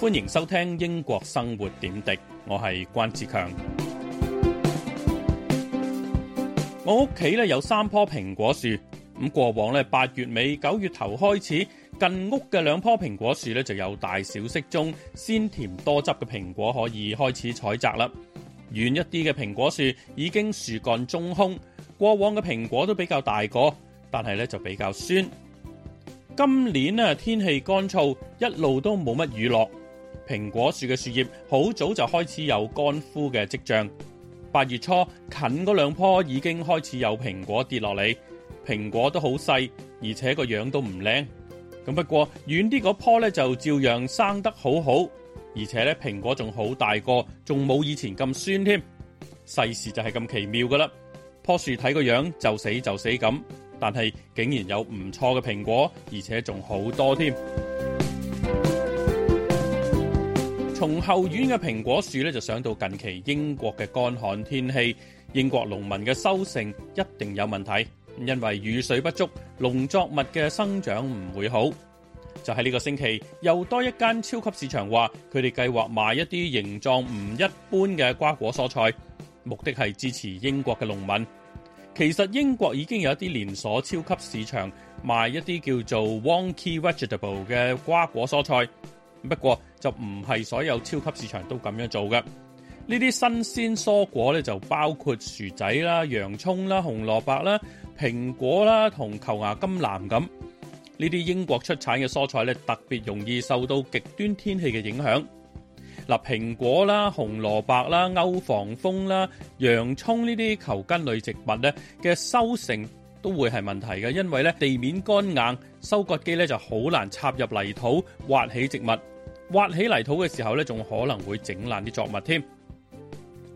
歡迎收聽英國生活點滴，我係關志強。我屋企咧有三棵蘋果樹，咁過往咧八月尾九月頭開始，近屋嘅兩棵蘋果樹咧就有大小適中、鮮甜多汁嘅蘋果可以開始採摘啦。遠一啲嘅蘋果樹已經樹幹中空，過往嘅蘋果都比較大個，但係咧就比較酸。今年天氣乾燥，一路都冇乜雨落，蘋果樹嘅樹葉好早就開始有乾枯嘅跡象。八月初近嗰兩棵已經開始有蘋果跌落嚟，蘋果都好細，而且個樣都唔靚。咁不過遠啲嗰棵咧就照樣生得好好，而且咧蘋果仲好大個，仲冇以前咁酸添。世事就係咁奇妙噶啦，棵樹睇個樣就死就死咁，但係竟然有唔錯嘅蘋果，而且仲好多添。從後院嘅蘋果樹咧，就想到近期英國嘅乾旱天氣，英國農民嘅收成一定有問題，因為雨水不足，農作物嘅生長唔會好。就喺呢個星期，又多一間超級市場話，佢哋計劃賣一啲形狀唔一般嘅瓜果蔬菜，目的係支持英國嘅農民。其實英國已經有一啲連鎖超級市場賣一啲叫做 Wonky Vegetable 嘅瓜果蔬菜。不過就唔係所有超級市場都咁樣做嘅。呢啲新鮮蔬果咧，就包括薯仔啦、洋蔥啦、紅蘿蔔啦、蘋果啦同球芽甘藍咁。呢啲英國出產嘅蔬菜咧，特別容易受到極端天氣嘅影響。嗱，蘋果啦、紅蘿蔔啦、歐防風啦、洋蔥呢啲球根類植物咧嘅收成，都會係問題嘅，因為咧地面乾硬，收割機咧就好難插入泥土，挖起植物，挖起泥土嘅時候咧，仲可能會整爛啲作物添。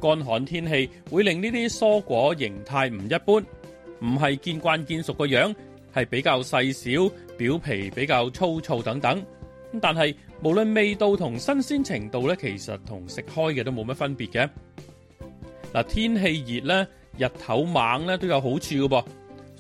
乾旱天氣會令呢啲蔬果形態唔一般，唔係見慣見熟個樣，係比較細小，表皮比較粗糙等等。但係無論味道同新鮮程度咧，其實同食開嘅都冇乜分別嘅嗱。天氣熱咧，日頭猛咧都有好處嘅噃。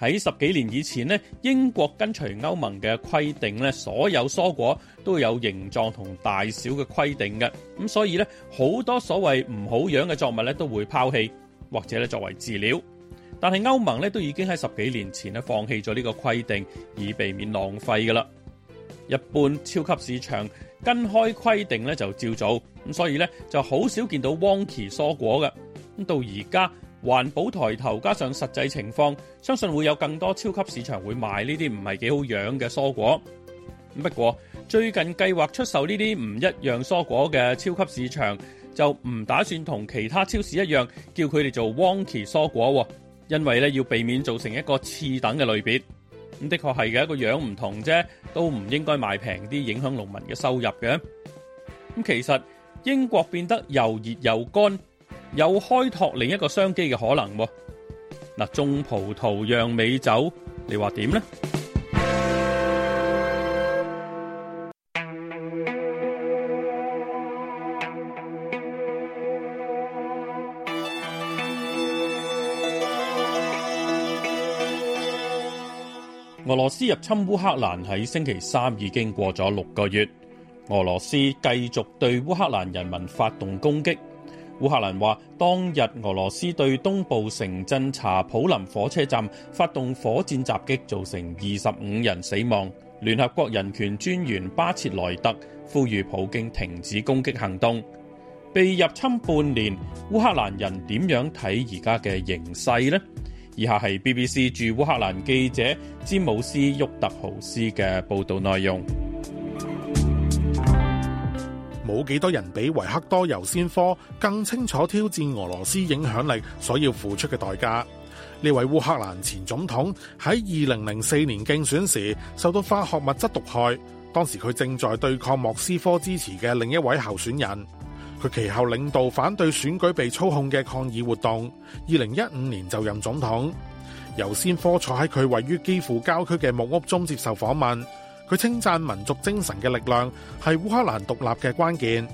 喺十幾年以前，英國跟隨歐盟嘅規定，所有蔬果都有形狀同大小嘅規定嘅。咁所以咧，好多所謂唔好樣嘅作物都會拋棄或者咧作為飼料。但係歐盟都已經喺十幾年前放棄咗呢個規定，以避免浪費噶啦。一般超級市場跟開規定就照做，咁所以就好少見到 wonky 蔬果嘅。咁到而家。環保抬頭，加上實際情況，相信會有更多超級市場會賣呢啲唔係幾好樣嘅蔬果。不過最近計劃出售呢啲唔一樣蔬果嘅超級市場，就唔打算同其他超市一樣叫佢哋做 wonky 蔬果，因為咧要避免造成一個次等嘅類別。咁的確係嘅，個樣唔同啫，都唔應該賣平啲，影響農民嘅收入嘅。咁其實英國變得又熱又乾。有開拓另一個商機嘅可能喎，啊，嗱種葡萄釀美酒，你話點呢？俄羅斯入侵烏克蘭喺星期三已經過咗六個月，俄羅斯繼續對烏克蘭人民發動攻擊。烏克蘭話當日俄羅斯對東部城鎮查普林火車站發動火箭襲擊，造成二十五人死亡。聯合國人權專員巴切萊特呼籲普京停止攻擊行動。被入侵半年，烏克蘭人點樣睇而家嘅形勢呢？以下係 BBC 駐烏克蘭記者詹姆斯沃特豪斯嘅報道內容。冇幾多人比維克多尤先科更清楚挑戰俄羅斯影響力所要付出嘅代價。呢位烏克蘭前總統喺二零零四年競選時受到化學物質毒害，當時佢正在對抗莫斯科支持嘅另一位候選人。佢其後領導反對選舉被操控嘅抗議活動。二零一五年就任總統，尤先科坐喺佢位於基輔郊區嘅木屋中接受訪問。佢稱讚民族精神嘅力量係烏克蘭獨立嘅關鍵。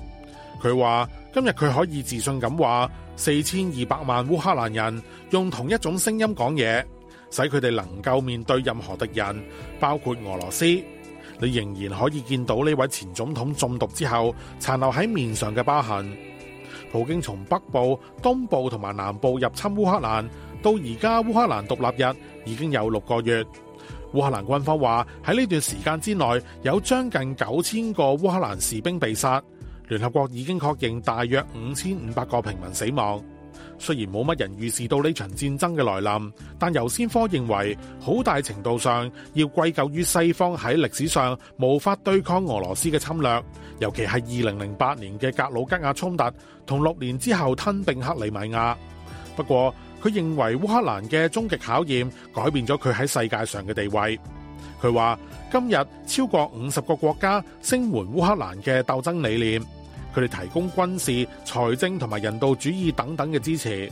佢話今日佢可以自信咁話，四千二百萬烏克蘭人用同一種聲音講嘢，使佢哋能夠面對任何敵人，包括俄羅斯。你仍然可以見到呢位前總統中毒之後殘留喺面上嘅疤痕。普京從北部、東部同埋南部入侵烏克蘭，到而家烏克蘭獨立日已經有六個月。烏克蘭軍方話喺呢段時間之內，有將近九千個烏克蘭士兵被殺。聯合國已經確認大約五千五百個平民死亡。雖然冇乜人預示到呢場戰爭嘅來臨，但尤先科認為好大程度上要歸咎於西方喺歷史上無法對抗俄羅斯嘅侵略，尤其係二零零八年嘅格魯吉亞衝突同六年之後吞併克里米亞。不過，佢認為烏克蘭嘅終極考驗改變咗佢喺世界上嘅地位。佢話今日超過五十個國家聲援烏克蘭嘅鬥爭理念，佢哋提供軍事、財政同埋人道主義等等嘅支持。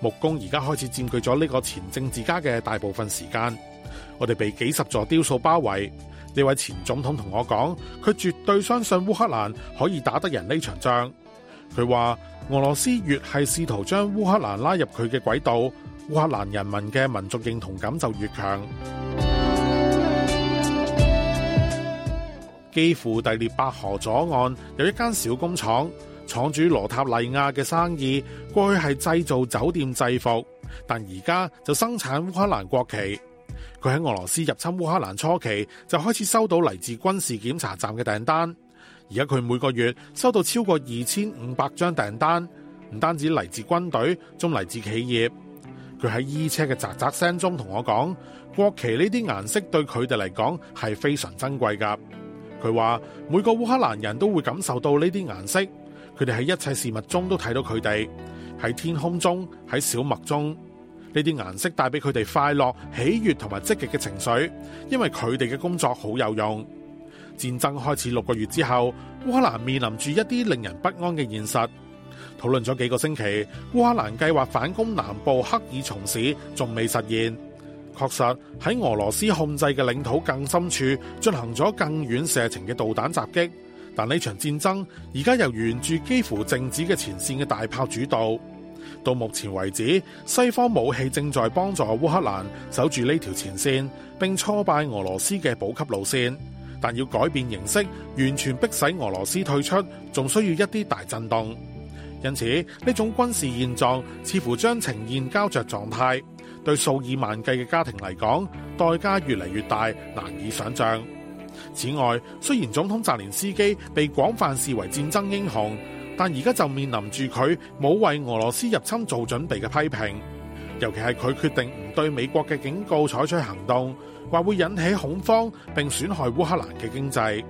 木工而家開始佔據咗呢個前政治家嘅大部分時間。我哋被幾十座雕塑包圍。呢位前總統同我講，佢絕對相信烏克蘭可以打得贏呢場仗。佢話。俄羅斯越係試圖將烏克蘭拉入佢嘅軌道，烏克蘭人民嘅民族認同感就越強。基 輔第聶伯河左岸有一間小工廠，廠主羅塔利亞嘅生意過去係製造酒店制服，但而家就生產烏克蘭國旗。佢喺俄羅斯入侵烏克蘭初期就開始收到嚟自軍事檢查站嘅訂單。而家佢每個月收到超過二千五百張訂單，唔單止嚟自軍隊，仲嚟自企業。佢喺衣車嘅紮紮聲中同我講：國旗呢啲顏色對佢哋嚟講係非常珍貴㗎。佢話每個烏克蘭人都會感受到呢啲顏色，佢哋喺一切事物中都睇到佢哋喺天空中、喺小麥中。呢啲顏色帶畀佢哋快樂、喜悅同埋積極嘅情緒，因為佢哋嘅工作好有用。戰爭開始六個月之後，烏克蘭面臨住一啲令人不安嘅現實。討論咗幾個星期，烏克蘭計劃反攻南部克爾松市仲未實現。確實，喺俄羅斯控制嘅領土更深處進行咗更遠射程嘅導彈襲擊。但呢場戰爭而家由沿住幾乎靜止嘅前線嘅大炮主導。到目前為止，西方武器正在幫助烏克蘭守住呢條前線，並挫敗俄羅斯嘅補給路線。但要改變形式，完全逼使俄羅斯退出，仲需要一啲大震動。因此呢種軍事現狀似乎將呈現膠着狀態，對數以萬計嘅家庭嚟講，代價越嚟越大，難以想象。此外，雖然總統澤連斯基被廣泛視為戰爭英雄，但而家就面臨住佢冇為俄羅斯入侵做準備嘅批評，尤其係佢決定唔對美國嘅警告採取行動。話會引起恐慌並損害烏克蘭嘅經濟。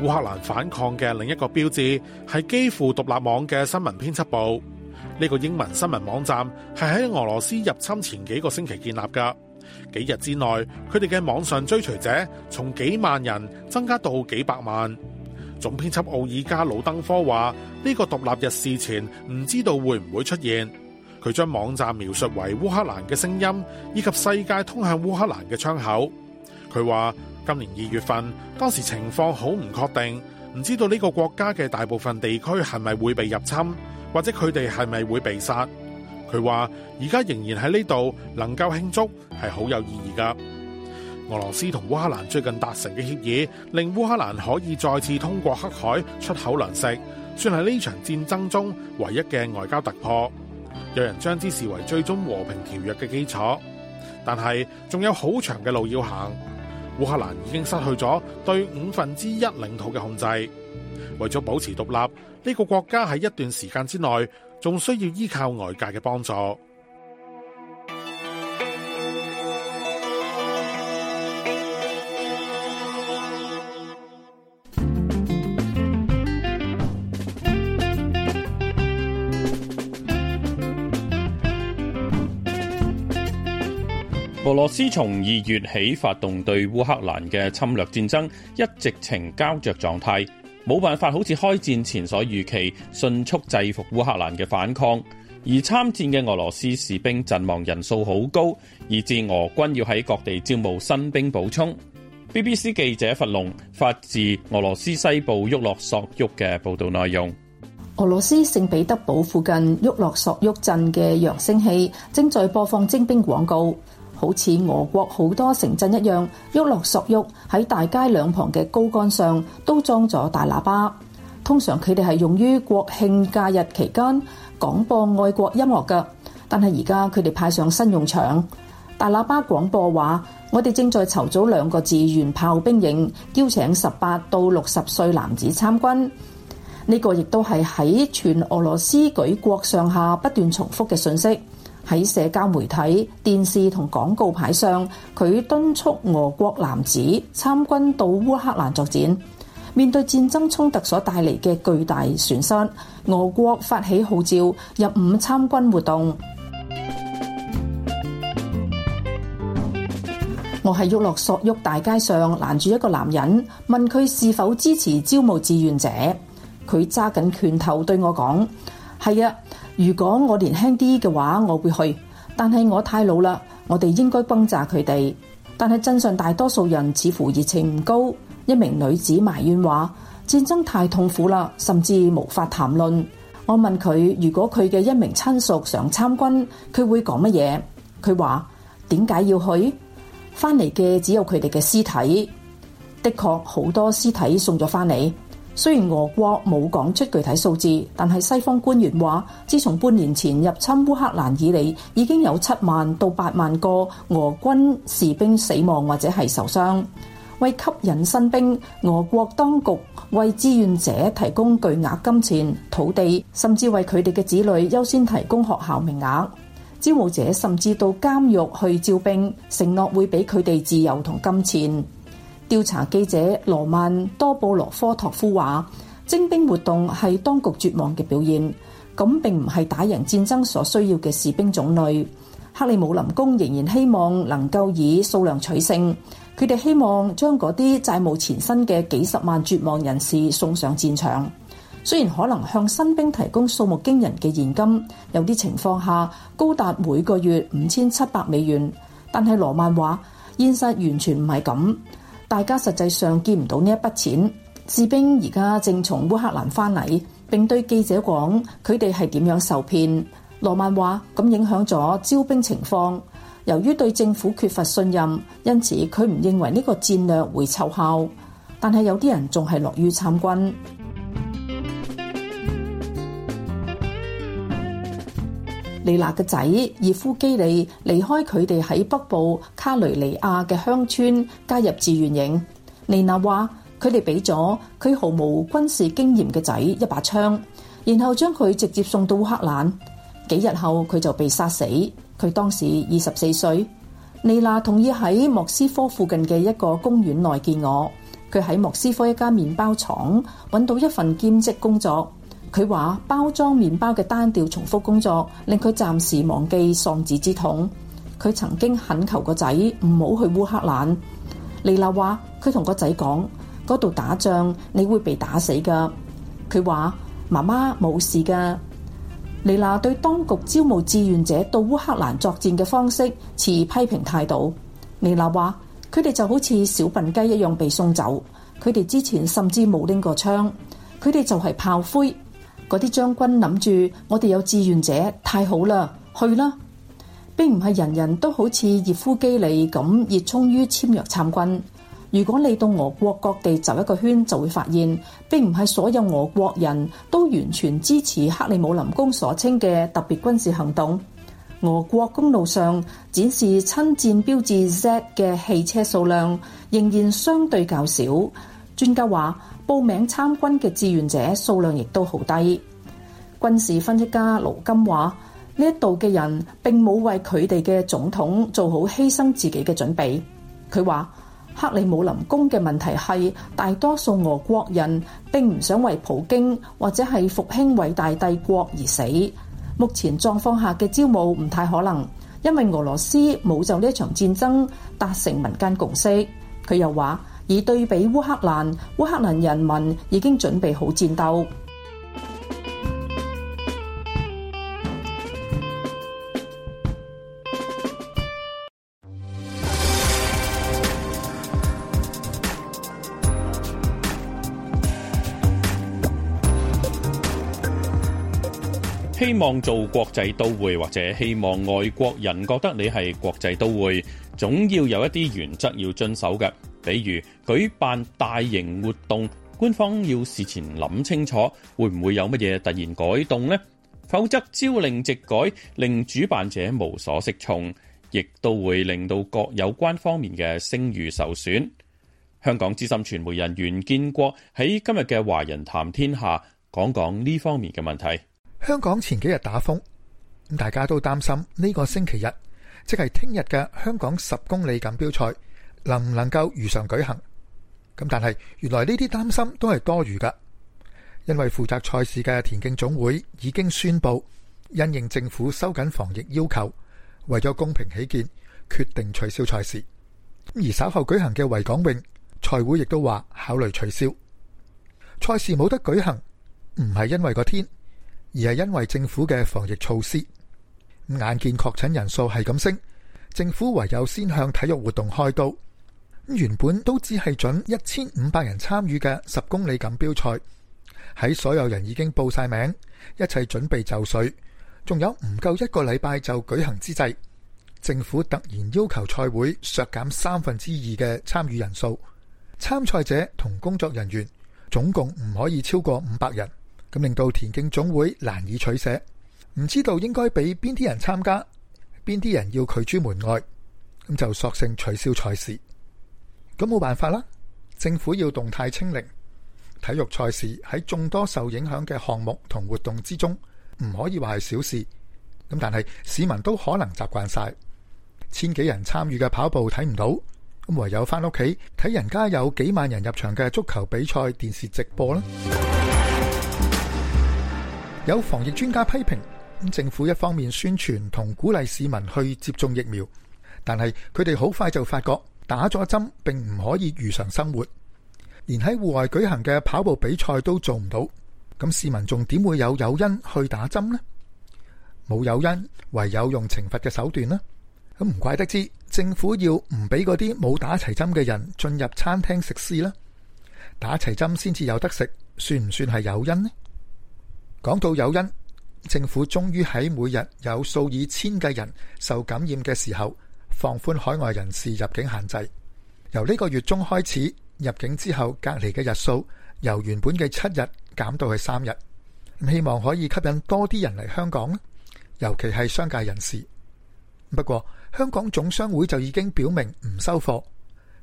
烏克蘭反抗嘅另一個標誌係基輔獨立網嘅新聞編輯部。呢個英文新聞網站係喺俄羅斯入侵前幾個星期建立㗎。幾日之內，佢哋嘅網上追隨者從幾萬人增加到幾百萬。總編輯奧爾加魯登科話：呢個獨立日事前唔知道會唔會出現。佢將網站描述為烏克蘭嘅聲音，以及世界通向烏克蘭嘅窗口。佢話今年二月份，當時情況好唔確定，唔知道呢個國家嘅大部分地區係咪會被入侵，或者佢哋係咪會被殺。佢話而家仍然喺呢度能夠慶祝係好有意義噶俄羅斯同烏克蘭最近達成嘅協議，令烏克蘭可以再次通過黑海出口糧食，算係呢場戰爭中唯一嘅外交突破。有人將之視為最終和平條約嘅基礎，但係仲有好長嘅路要行。烏克蘭已經失去咗對五分之一領土嘅控制，為咗保持獨立，呢個國家喺一段時間之內仲需要依靠外界嘅幫助。俄羅斯從二月起發動對烏克蘭嘅侵略戰爭，一直呈膠着狀態，冇辦法好似開戰前所預期迅速制服烏克蘭嘅反抗。而參戰嘅俄羅斯士兵陣亡人數好高，以致俄軍要喺各地招募新兵補充。BBC 記者佛龍發自俄羅斯西部沃洛索沃嘅報道內容：俄羅斯聖彼得堡附近沃洛索沃鎮嘅揚聲器正在播放徵兵廣告。好似俄國好多城鎮一樣，沃洛索沃喺大街兩旁嘅高杆上都裝咗大喇叭。通常佢哋係用於國慶假日期間廣播愛國音樂嘅，但係而家佢哋派上新用場。大喇叭廣播話：我哋正在籌組兩個志願炮兵營，邀請十八到六十歲男子參軍。呢、這個亦都係喺全俄羅斯舉國上下不斷重複嘅信息。喺社交媒體、電視同廣告牌上，佢敦促俄國男子參軍到烏克蘭作戰。面對戰爭衝突所帶嚟嘅巨大損失，俄國發起號召入伍參軍活動。 我喺沃洛索沃大街上攔住一個男人，問佢是否支持招募志願者。佢揸緊拳頭對我講：係啊！如果我年輕啲嘅話，我會去。但係我太老了，我哋應該轟炸佢哋。但係鎮上大多數人似乎熱情唔高。一名女子埋怨話：戰爭太痛苦了，甚至無法談論。我問佢：如果佢嘅一名親屬想參軍，佢會講乜嘢？佢話：點解要去？翻嚟嘅只有佢哋嘅屍體。的確，好多屍體送咗翻嚟。雖然俄國冇講出具體數字，但係西方官員話，自從半年前入侵烏克蘭以嚟，已經有七萬到八萬個俄軍士兵死亡或者係受傷。為吸引新兵，俄國當局為志願者提供巨額金錢、土地，甚至為佢哋嘅子女優先提供學校名額。招募者甚至到監獄去招兵，承諾會俾佢哋自由同金錢。調查記者羅曼多布羅科托夫話：徵兵活動係當局絕望嘅表現，咁並唔係打贏戰爭所需要嘅士兵種類。克里姆林宮仍然希望能夠以數量取勝，佢哋希望將嗰啲債務纏身嘅幾十萬絕望人士送上戰場。雖然可能向新兵提供數目驚人嘅現金，有啲情況下高達每個月五千七百美元，但係羅曼話現實完全唔係咁。大家實際上見唔到呢一筆錢。士兵而家正從烏克蘭翻嚟，並對記者講佢哋係點樣受騙。羅曼話：咁影響咗招兵情況。由於對政府缺乏信任，因此佢唔認為呢個戰略會奏效。但係有啲人仲係樂於參軍。尼娜嘅仔葉夫基利離開佢哋喺北部卡雷尼亞嘅鄉村，加入志願營。尼娜話佢哋俾咗佢毫無軍事經驗嘅仔一把槍，然後將佢直接送到烏克蘭。幾日後佢就被殺死，佢當時二十四歲。尼娜同意喺莫斯科附近嘅一個公園內見我。佢喺莫斯科一間麵包廠搵到一份兼職工作。佢話：包裝麵包嘅單調重複工作令佢暫時忘記喪子之痛。佢曾經懇求個仔唔好去烏克蘭。尼娜話：佢同個仔講，嗰度打仗，你會被打死㗎。佢話：媽媽冇事㗎。尼娜對當局招募志願者到烏克蘭作戰嘅方式持批評態度。尼娜話：佢哋就好似小笨雞一樣被送走。佢哋之前甚至冇拎過槍，佢哋就係炮灰。嗰啲將軍諗住，我哋有志願者，太好啦，去啦！並唔係人人都好似熱夫基利咁熱衷於簽約參軍。如果你到俄國各地走一個圈，就會發現，並唔係所有俄國人都完全支持克里姆林宮所稱嘅特別軍事行動。俄國公路上展示親戰標誌 Z 嘅汽車數量仍然相對較少。專家話。報名參軍嘅志願者數量亦都好低。軍事分析家盧金話：呢一度嘅人並冇為佢哋嘅總統做好犧牲自己嘅準備。佢話，克里姆林宮嘅問題係大多數俄國人並唔想為普京或者係復興偉大帝國而死。目前狀況下嘅招募，唔太可能，因為俄羅斯冇就呢場戰爭達成民間共識。佢又話。以對比烏克蘭，烏克蘭人民已經準備好戰鬥。希望做國際都會，或者希望外國人覺得你係國際都會，總要有一啲原則要遵守嘅。比如舉辦大型活動，官方要事前諗清楚，會唔會有乜嘢突然改動呢？否則朝令夕改，令主辦者無所適從，亦都會令到各有關方面嘅聲譽受損。香港資深傳媒人袁建國喺今日嘅《華人談天下》講講呢方面嘅問題。香港前幾日打風，咁大家都擔心呢個星期日，即係聽日嘅香港十公里錦標賽。能唔能夠如常舉行？咁但係原來呢啲擔心都係多餘噶因為負責賽事嘅田徑總會已經宣布，因應政府收緊防疫要求，為咗公平起見，決定取消賽事。而稍後舉行嘅維港泳賽會亦都話考慮取消賽事，冇得舉行，唔係因為個天，而係因為政府嘅防疫措施。眼見確診人數係咁升，政府唯有先向體育活動開刀。原本都只係准一千五百人參與嘅十公里錦標賽，喺所有人已經報晒名，一切準備就緒，仲有唔夠一個禮拜就舉行之際，政府突然要求賽會削減三分之二嘅參與人數，參賽者同工作人員總共唔可以超過五百人。咁令到田徑總會難以取捨，唔知道應該俾邊啲人參加，邊啲人要拒諸門外，咁就索性取消賽事。咁冇辦法啦，政府要動態清零，體育賽事喺眾多受影響嘅項目同活動之中，唔可以話係小事。咁但係市民都可能習慣晒千幾人參與嘅跑步睇唔到，咁唯有返屋企睇人家有幾萬人入場嘅足球比賽電視直播啦。有防疫專家批評，咁政府一方面宣傳同鼓勵市民去接種疫苗，但係佢哋好快就發覺。打咗針並唔可以如常生活，連喺戶外舉行嘅跑步比賽都做唔到，咁市民仲點會有誘因去打針呢？冇誘因，唯有用懲罰嘅手段呢。咁唔怪得知政府要唔俾嗰啲冇打齊針嘅人進入餐廳食肆啦。打齊針先至有得食，算唔算係誘因呢？講到誘因，政府終於喺每日有數以千計人受感染嘅時候放寬海外人士入境限制，由呢個月中開始入境之後隔離嘅日數由原本嘅七日減到去三日，希望可以吸引多啲人嚟香港咧，尤其係商界人士。不過香港總商會就已經表明唔收貨，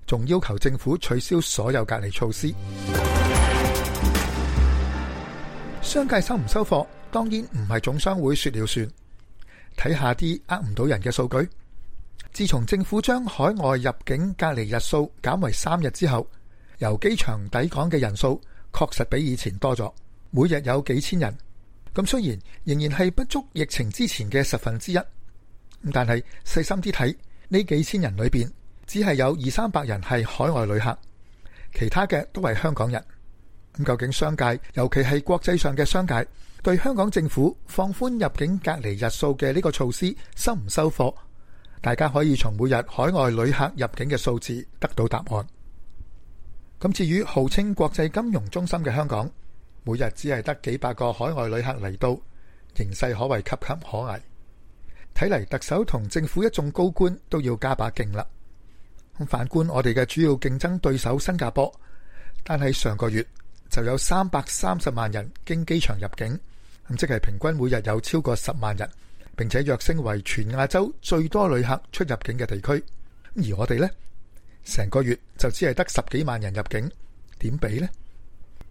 仲要求政府取消所有隔離措施。商界收唔收貨，當然唔係總商會說了算，睇下啲呃唔到人嘅數據。自從政府將海外入境隔離日數減為三日之後，由機場抵港嘅人數確實比以前多咗，每日有幾千人。咁雖然仍然係不足疫情之前嘅十分之一，但係細心啲睇呢幾千人裏邊，只係有二三百人係海外旅客，其他嘅都係香港人。咁究竟商界，尤其係國際上嘅商界，對香港政府放寬入境隔離日數嘅呢個措施收唔收貨？大家可以從每日海外旅客入境嘅數字得到答案。咁至於號稱國際金融中心嘅香港，每日只係得幾百個海外旅客嚟到，形勢可謂岌岌可危。睇嚟特首同政府一眾高官都要加把勁啦。咁反觀我哋嘅主要競爭對手新加坡，單喺上個月就有三百三十萬人經機場入境，咁即係平均每日有超過十萬人。並且躍升為全亞洲最多旅客出入境嘅地區，而我哋呢，成個月就只係得十幾萬人入境，點比呢？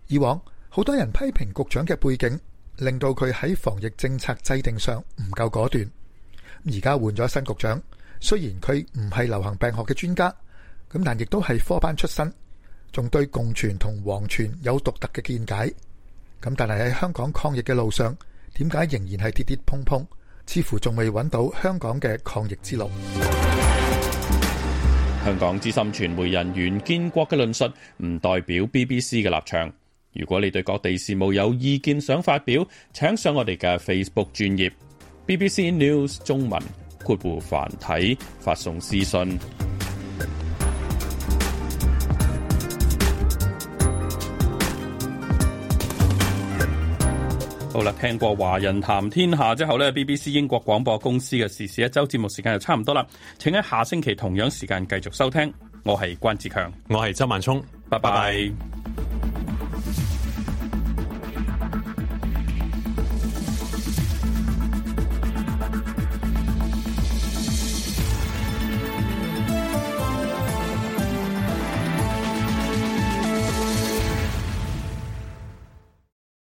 以往好多人批評局長嘅背景，令到佢喺防疫政策制定上唔夠果斷。而家換咗新局長，雖然佢唔係流行病學嘅專家，咁但亦都係科班出身，仲對共存同黃存有獨特嘅見解。咁但係喺香港抗疫嘅路上，點解仍然係跌跌碰碰？似乎仲未搵到香港嘅抗疫之路。香港資深傳媒人袁建國嘅論述唔代表 BBC 嘅立場。如果你對各地事務有意見想發表，請上我哋嘅 Facebook 專頁 BBC News 中文，括弧繁體發送私信。好啦，聽過華人談天下之後呢，BBC 英國廣播公司嘅時事一周節目時間就差唔多啦，請喺下星期同樣時間繼續收聽。我係關志強，我係周萬聰，拜拜。